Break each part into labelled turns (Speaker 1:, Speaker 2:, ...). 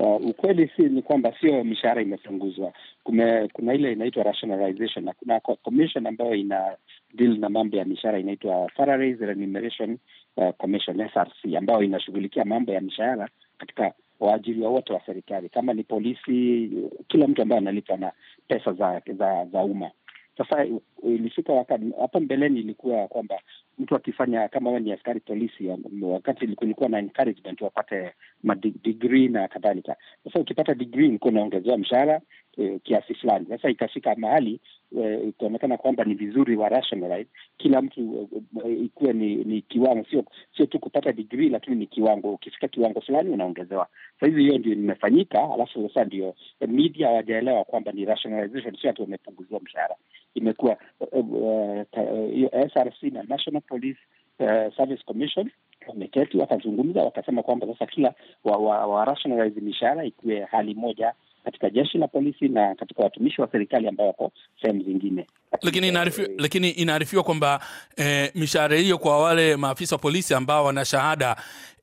Speaker 1: Uh, ukweli si ni kwamba sio mishahara imepunguzwa. Kuna ile inaitwa rationalization na kuna commission ambayo ina deal na mambo ya mishahara inaitwa Salaries Remuneration uh, Commission SRC, ambayo inashughulikia mambo ya mishahara katika waajiriwa wote wa serikali, kama ni polisi, kila mtu ambaye analipwa na pesa za za, za umma. Sasa eh, ilifika wakati, hapo mbeleni ilikuwa kwamba mtu akifanya kama we ni askari polisi, wakati kulikuwa na encouragement wapate madigri na kadhalika. Sasa ukipata digri ulikuwa unaongezewa mshahara, e, kiasi fulani. Sasa ikafika mahali eh, ikaonekana e, kwamba ni vizuri wa rationalize kila mtu e, ikuwe ni, ni kiwango, sio sio tu kupata degree, lakini ni kiwango. Ukifika kiwango fulani unaongezewa. Sahizi hiyo ndio imefanyika, alafu sasa ndio media hawajaelewa kwamba ni rationalization, sio ati wamepunguziwa mshahara. Imekuwa hiyo SRC na National Police uh, Service Commission wameketi wakazungumza, wakasema kwamba sasa kila wa, wa, wa rationalize mishahara ikuwe hali moja katika jeshi la polisi na katika watumishi wa serikali ambao wako
Speaker 2: sehemu zingine. Lakini inaarifiwa lakini inaarifiwa kwamba e, mishahara hiyo kwa wale maafisa wa polisi ambao wana shahada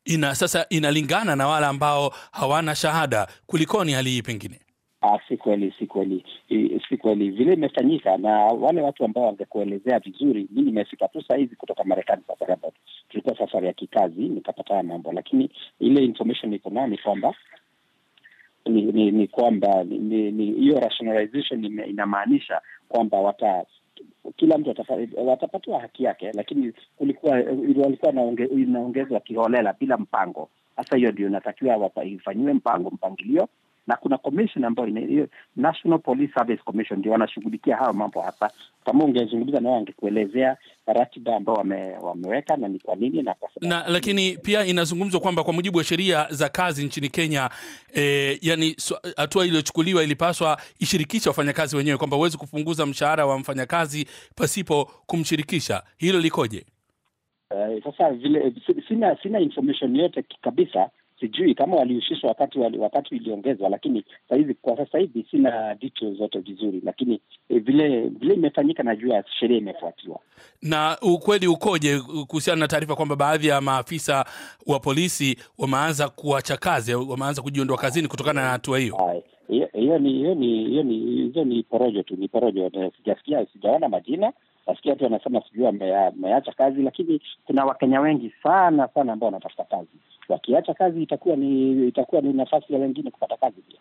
Speaker 2: ina sasa inalingana na wale ambao hawana shahada. Kulikoni hali hii pengine?
Speaker 1: Ah, si kweli, si kweli, si kweli vile imefanyika. Na wale watu ambao wangekuelezea vizuri, mi nimefika tu saa hizi kutoka Marekani, safari ambayo tulikuwa safari ya kikazi, nikapata mambo, lakini ile information iko ni kwamba ni, ni, ni kwamba hiyo rationalization inamaanisha kwamba wata kila mtu watapatiwa haki yake, lakini kulikuwa walikuwa inaongezwa kiholela bila mpango. Hasa hiyo ndio inatakiwa ifanyiwe mpango, mpangilio na kuna commission ambayo National Police Service Commission ndio wanashughulikia hayo mambo hasa. Kama ungezungumza nao, angekuelezea ratiba ambao wame, wameweka na ni kwa
Speaker 2: nini na kwa sababu na, lakini pia inazungumzwa kwamba kwa mujibu wa sheria za kazi nchini Kenya eh, yani hatua iliyochukuliwa ilipaswa ishirikisha wafanyakazi wenyewe, kwamba huwezi kupunguza mshahara wa mfanyakazi pasipo kumshirikisha. Hilo likoje?
Speaker 1: Uh, sasa vile sina, sina information yote kabisa sijui kama walihusishwa wakati wali, wakati iliongezwa, lakini sahizi, kwa sasa hivi sina details zote vizuri, lakini e, vile vile imefanyika, najua sheria imefuatiwa
Speaker 2: Na ukweli ukoje kuhusiana na taarifa kwamba baadhi ya maafisa wa polisi wameanza kuacha kazi, wameanza kujiondoa kazini kutokana na hatua hiyo?
Speaker 1: Hiyo ni hiyo ni hiyo ni hizo ni porojo tu, ni porojo. Sijasikia, sijaona majina nasikia tu wanasema sijui ameacha kazi, lakini kuna Wakenya wengi sana sana ambao wanatafuta kazi Wakiacha kazi itakuwa ni itakuwa ni nafasi ya wengine kupata kazi pia.